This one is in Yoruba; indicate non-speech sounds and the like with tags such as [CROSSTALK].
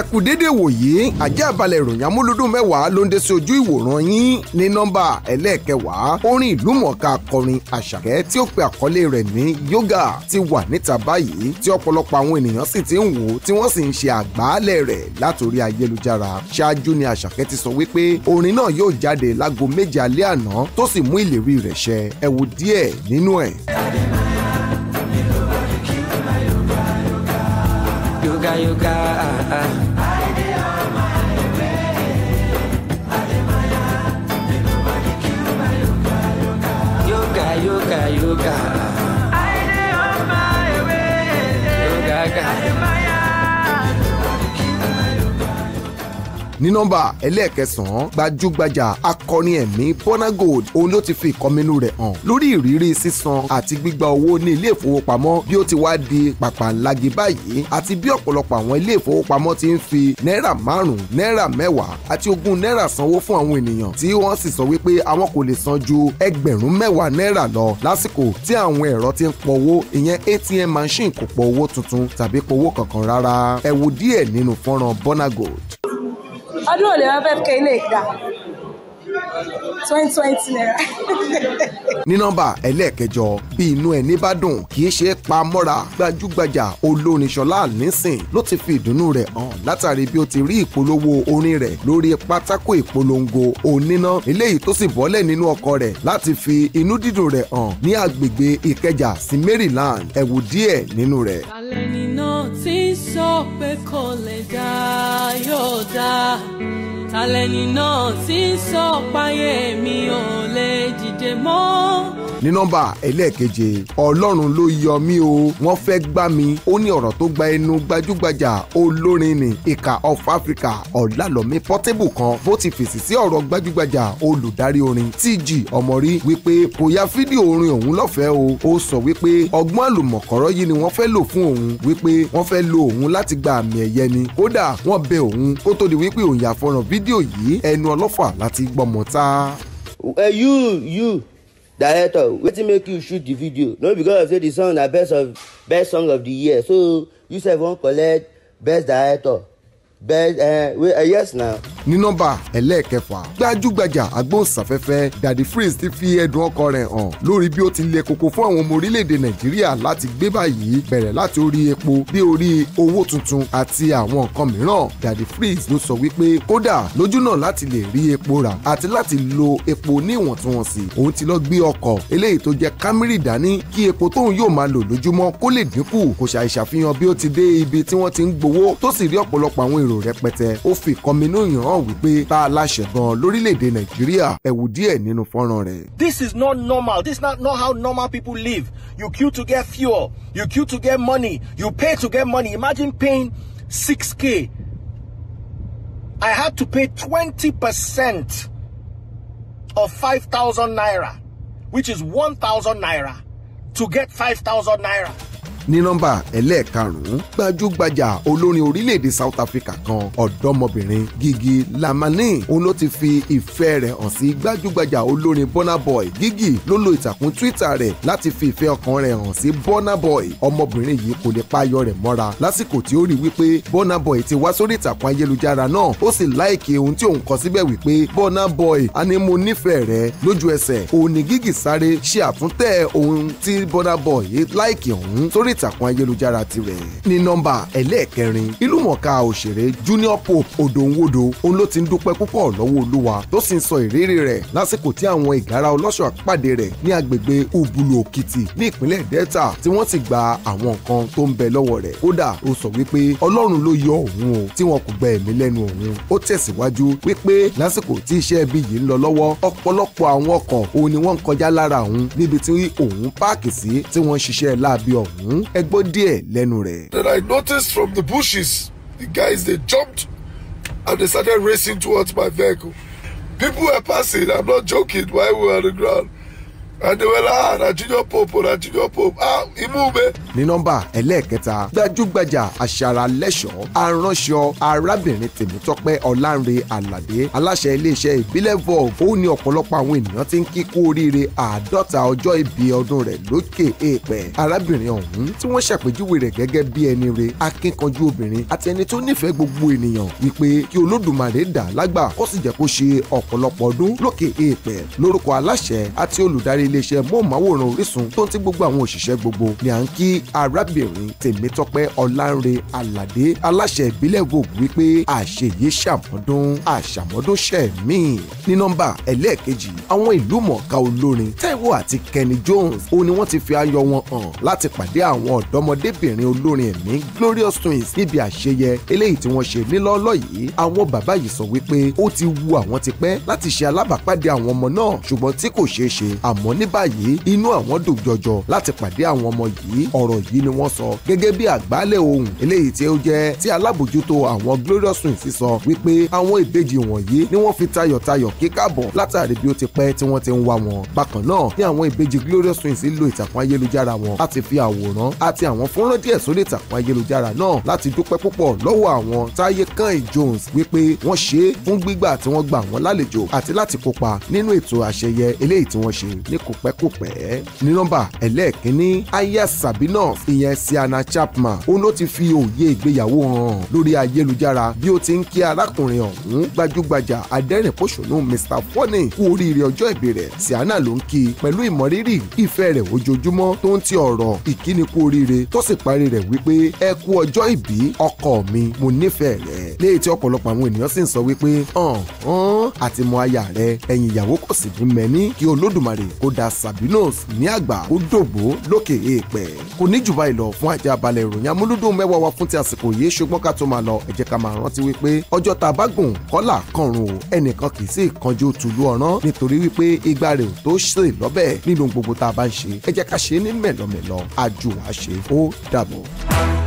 ẹ kú dédé wòyí ajá balẹ̀ ìròyìn amúlùdùn mẹ́wàá ló ń dé sí ojú ìwòran yín ní nọ́mbà ẹlẹ́ẹ̀kẹwàá orin ìlú mọ̀ọ́ká akọrin àṣàkẹ́ tí ó pe àkọlé rẹ̀ ní yoga ti wà níta báyìí tí ọ̀pọ̀lọpọ̀ àwọn ènìyàn sì ti ń wò ó tí wọ́n sì ń ṣe àgbàálẹ̀ rẹ̀ látòrí ayélujára ṣáájú ni àṣàkẹ́ ti sọ wípé orin náà yóò jáde láago méje alẹ́ yoga yoga ah, ah. lugar. ní nọ́mbà ẹlẹ́ẹ̀kẹsàn-án gbajúgbajà akọni ẹ̀mí Burna Gold òun ló ti fi ìkọminú rẹ̀ hàn lórí ìrírí sísan àti gbígba owó ní ilé ìfowópamọ́ bí ó ti wá di pàpàǹlagi báyìí àti bí ọ̀pọ̀lọpọ̀ àwọn ilé ìfowópamọ́ ti ń fi náírà márùn-ún náírà mẹ́wàá àti ogún náírà sanwó fún àwọn ènìyàn tí wọ́n sì sọ wípé àwọn kò lè san ju ẹgbẹ̀rún mẹ́wàá náírà lọ lásìkò tí ti ń pọ owó ìyẹn ATM machine kò pọ owó tuntun tàbí pọ owó kankan rárá ẹ Gold Allora, perché Lega? twenty twenty naira. [LAUGHS] ní nọ́mbà ẹlẹ́ẹ̀kẹjọ bí inú ẹni bá dùn kì í ṣe é pa mọ́ra gbajúgbajà olórin Ṣọlá Allyson ló ti fi ìdùnnú rẹ̀ hàn látàrí bí ó ti rí ìpolówó orin rẹ̀ lórí pátákó ìpolongo oníná eléyìí tó sì bọ́lẹ̀ nínú ọkọ̀ rẹ̀ láti fi inú dídùn rẹ̀ hàn ní agbègbè Ìkẹjà sí Maryland ẹ díẹ̀ nínú rẹ̀. alẹ́ nínú tí ń sọ pé kò dá yóò dá alẹ́ nínú tí ń sọ páyé mi ò lè dìde mọ́ ní nọ́mbà ẹlẹ́ẹ̀keje ọlọ́run ló yọ mí o wọ́n fẹ́ gbá mi ó ní ọ̀rọ̀ tó gba ẹnu gbajúgbajà olórin ni ìka of Africa ọ̀làlọ́mí Portable kan bó ti fèsì sí ọ̀rọ̀ gbajúgbajà olùdarí orin TG ọmọrí wípé kò ya fídíò orin òun lọ́fẹ̀ẹ́ o ó sọ wípé ọgbọ́n àlùmọ̀kọ́rọ́ yìí ni wọ́n fẹ́ lò fún òun wípé wọ́n fẹ́ lo òun láti gba àmì ẹ̀yẹ ni kódà wọ́n bẹ òun kó tó di wípé òun yà fọ́nrán fídíò yìí ẹnu ọlọ́fà láti gbọ́m muta. Uh, eh, you you director wetin make you shoot the video no because of say the song na best of best song of the year so you sef wan collect best director bẹ́ẹ̀ eh, eh, yes now. ní nọ́mbà ẹlẹ́ẹ̀kẹfà gbajúgbajà agbóhùnsáfẹ́fẹ́ Daddy Freeze ti fi ẹ̀dùn ọkọ rẹ̀ hàn lórí bí ó ti le koko fún àwọn ọmọ orílẹ̀-èdè Nàìjíríà láti gbé báyìí bẹ̀rẹ̀ láti orí epo dé orí owó tuntun àti àwọn nǹkan mìíràn Daddy Freeze ló sọ wípé kódà lójúnà láti lè rí epo rà àti láti lo epo ní ìwọ̀ntúnwọ̀nsì òun ti lọ gbé ọkọ̀ eléyìí tó jẹ́ Camry dání kí epo tóun yóò máa lò lójúmọ́ kó lè dínkù kò ṣàìṣàfihàn bí ó ti dé ibi tí wọ́n ti ń gbowó tó sì rí ọ̀pọ̀lọpọ̀ àwọn èrò rẹpẹtẹ ó fi ìkọminú ìyàn hàn wípé tá a láṣẹ gan lórílẹ̀‐èdè nàìjíríà ẹ díẹ̀ nínú fọ́nrán rẹ̀. this is not normal this is not, not how normal people live you queue to get fuel you queue to get money you pay to get money imagine paying 6k I had to pay 20% of 5,000 naira, which is 1,000 naira, to get 5,000 naira ní nọ́mbà ẹlẹ́ẹ̀karùn-ún gbajúgbajà olórin orílẹ̀-èdè South Africa kan ọ̀dọ́mọbìnrin Gigi Lamani òun ló ti fi ìfẹ́ rẹ̀ hàn sí gbajúgbajà olórin Burna Boy Gigi ló lo ìtàkùn Twitter rẹ̀ láti fi ìfẹ́ ọkàn rẹ̀ hàn sí Burna Boy ọmọbìnrin yìí kò lè payọ rẹ̀ mọ́ra lásìkò tí ó rí wípé Burna Boy ti wá sórí ìtàkùn ayélujára náà ó sì láìkì ohun tí òun kọ síbẹ̀ wípé Burna Boy a ní mo nífẹ̀ẹ́ rẹ lójú ẹsẹ̀ òun ni Gigi sáré ṣe àtúntẹ̀ ohun tí Burna Boy láìkì ọ̀hún sórí lórí ìtàkùn ayélujára tirẹ̀. ní nọ́mbà ẹlẹ́ẹ̀kẹrin ìlúmọ̀ọ́ká òṣèré Junior Pope Odòǹwòdò òun ló ti ń dúpẹ́ púpọ̀ lọ́wọ́ Olúwa tó sì ń sọ ìrírí rẹ̀ lásìkò tí àwọn ìgárá ọlọ́ṣọ̀ pàdé rẹ̀ ní agbègbè Ubulu Òkìtì ní ìpínlẹ̀ Delta tí wọ́n sì gba àwọn nǹkan tó ń bẹ lọ́wọ́ rẹ̀ kódà ó sọ wípé Ọlọ́run ló yọ òun o tí wọn kò gba ẹ̀mí lẹ́nu òun ó tẹ̀síwájú wípé lásìkò tí iṣẹ́ ẹbí yìí ń lọ lọ́wọ́ ọ̀pọ̀lọpọ̀ àwọn ọkọ̀ òun ni wọ́n ń kọjá lára òun níbi tí òun páàkì sí tí wọ́n ń ṣiṣẹ́ láabi ọ̀hún ọ̀hún ẹ gbọ́ díẹ̀ lẹ́nu rẹ̀. Then I noticed from the bushes the guys they jumped and they started racing towards my vehicle. People were passing, I'm not joking, while we were on the ground adéwọlá àràjíjọ pope àràjíjọ pope ah imú mi. ní nọ́mbà ẹlẹ́ẹ̀kẹta gbajúgbajà aṣaralẹ́ṣọ̀ aránṣọ arábìnrin tèmítọ́pẹ́ ọ̀lànre àlàdé aláṣẹ iléeṣẹ́ ìbílẹ̀ Volvo ó ní ọ̀pọ̀lọpọ̀ àwọn ènìyàn ti ń kí kú oríire àádọ́ta ọjọ́ ìbí ọdún rẹ̀ lókè èèpẹ̀ arábìnrin ọ̀hún tí wọ́n ṣàpèjúwe rẹ̀ gẹ́gẹ́ bí ẹni re akínkanjú obìnrin àti ẹni tó nífẹ̀ẹ́ gbogbo ènìyàn wípé kí olódùmarè dà lágbà kó sì jẹ́ kó ṣe ọ̀pọ̀lọpọ̀ ọdún lókè èèpẹ̀ lórúkọ aláṣẹ àti olùdarí iléeṣẹ́ mọ́ọ̀máwòrán Orísun tó ń ti gbogbo àwọn òṣìṣẹ́ gbogbo ni à ń kí arábìnrin Tèmítọ́pẹ́ Ọlánre Àlàdé aláṣẹ ìbílẹ̀ gògùn wípé àṣeyé ṣàmọ́dún àṣàmọ́dún ṣẹ̀mí ní nọ́mbà ẹlẹ́ẹ̀kejì àwọn ìlú mọ̀ọ́ká olórin Táíwò àti Kenny Jones ó ní wọ́n ti fi ayọ̀ wọn hàn láti pàdé àwọn ọ̀dọ́mọdébìnrin olórin ẹ̀mí Glorious Twins níbi àṣeyẹ eléyìí tí wọ́n ṣe nílọ́ọ́lọ́ yìí àwọn bàbá yìí sọ wípé ó ti wu àwọn tipẹ́ láti ṣe alábàápàdé àwọn ọmọ náà ṣùgbọ́n tí kò ṣeé ṣe àmọ́ ní báyìí inú àwọn dùn jọjọ láti pàdé àwọn ọmọ yìí ọ̀rọ̀ yìí ni wọ́n sọ gẹ́gẹ́ bí àgbálẹ̀ ohun eléyìí tí ó jẹ́ tí alábòjútó àwọn glorious twins sísọ wípé àwọn ìbejì wọ̀nyí ni wọ́n fi tayọ̀tayọ̀ kíkàbọ̀ látàrí bí ó ti pẹ́ tí wọ́n ti ń wá wọn bákan náà ni àwọn ìbejì glorious twins lo ìtàkùn ayélujára wọn láti fi àwòrán àti àwọn fọ́nrán díẹ̀ sórí ìtàkùn ayélujára náà láti dúpẹ́ púpọ̀ lọ́wọ́ àwọn táyé kan jones wípé wọ́n ṣe é fún gbígbà tí wọ́n gbà wọ́n lálejò àti láti kópa nínú ètò àṣeyẹ eléyìí tí wọ́n ṣe ní k kòpẹ́kòpẹ́ ní nọ́mbà ẹlẹ́ẹ̀kínní aya sabinov ìyẹn siana chapman òun ló ti fi òye ìgbéyàwó hàn lórí ayélujára bí ó ti ń kí arákùnrin ọ̀hún gbajúgbajà adẹ́rìn-pọ̀ṣọ́nù mr fọ́nì kú oríire ọjọ́ ìbí siana ló ń kí pẹ̀lú ìmọ̀rírì ìfẹ́ rẹ̀ ojoojúmọ́ tó ń ti ọ̀rọ̀ ìkíni kú oríire tó sì parí rẹ̀ wípé ẹ kú ọjọ́ ìbí ọkọ mi mo nífẹ̀ẹ́ rẹ̀ léyìí tí ọ̀pọ̀lọpọ̀ àwọn ènìyàn sì ń sọ wípé hàn hàn àtìmọ̀ ó da Sabinus ní àgbà ó dògbó lókè èèpẹ̀ kò ní jù báyìí lọ fún ajá balẹ̀ ìròyìn amúlúdùn mẹ́wàá wa fún ti àsìkò yìí ṣùgbọ́n ká tó máa lọ ẹ jẹ́ ká máa rántí wípé ọjọ́ tá a bá gùn kọ́là kọrùn o ẹnìkan kì í sì kanjú tùlú ọ̀rán nítorí wípé igbá rẹ̀ ò tó ṣe lọ́bẹ̀ nínú gbogbo tá a bá ń ṣe ẹ ká ṣe é ní mẹ̀lọ́mẹ̀lọ́